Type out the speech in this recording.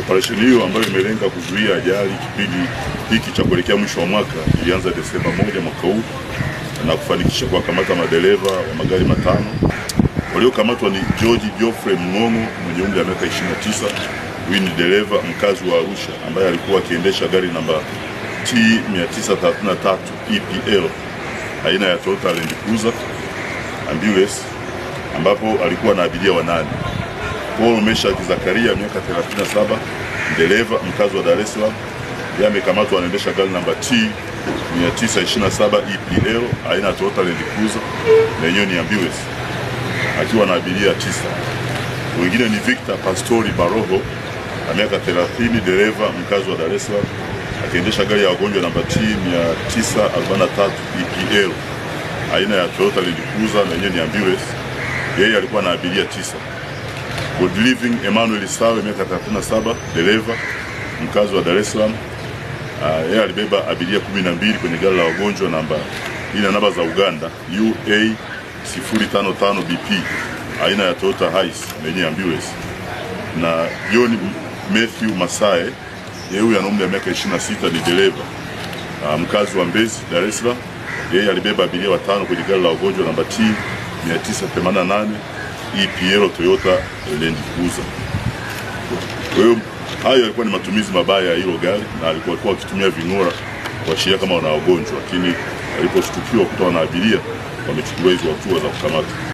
Operesheni hiyo ambayo imelenga kuzuia ajali kipindi hiki cha kuelekea mwisho wa mwaka ilianza Desemba moja mwaka huu na kufanikisha kuwakamata madereva wa magari matano. Waliokamatwa ni George Geoffrey Mng'ong'o mwenye umri wa miaka 29. Huyu ni dereva mkazi wa Arusha ambaye alikuwa akiendesha gari namba T 933 EPL aina ya Toyota Land Cruiser ambulance ambapo alikuwa na abiria wanane. Paul Meshaki Zakaria miaka 37 dereva mkazi wa Dar es Salaam, yeye amekamatwa anaendesha gari namba T 927 EPL aina ya Toyota Land Cruiser yenyewe ni ambulance akiwa na abiria tisa. Wengine ni Victor Pastori Baroho na miaka 30 dereva mkazi wa Dar es Salaam akiendesha gari ya wagonjwa namba T 943 EPL aina ya Toyota Land Cruiser yenyewe ni ambulance, yeye alikuwa na abiria tisa. Good Living Emmanuel Sawe miaka 37, dereva mkazi wa Dar es Salaam. Uh, yeye alibeba abiria 12 kwenye gari la wagonjwa namba hii na namba za Uganda UA 055 BP aina ya Toyota Hiace yenye ambulance na John Matthew Masae, yeye huyu ana umri wa miaka 26, ni dereva uh, mkazi wa Mbezi, Dar es Salaam. Yeye alibeba abiria watano kwenye gari la wagonjwa namba T 988 hii e Piero Toyota Land Cruiser. Kwa hiyo hayo yalikuwa ni matumizi mabaya ya hilo gari, na alikuwa alikuwa akitumia ving'ora kuashiria kama wana wagonjwa, lakini aliposhtukiwa kutoa na abiria wamechukuliwa hizo hatua za kukamata.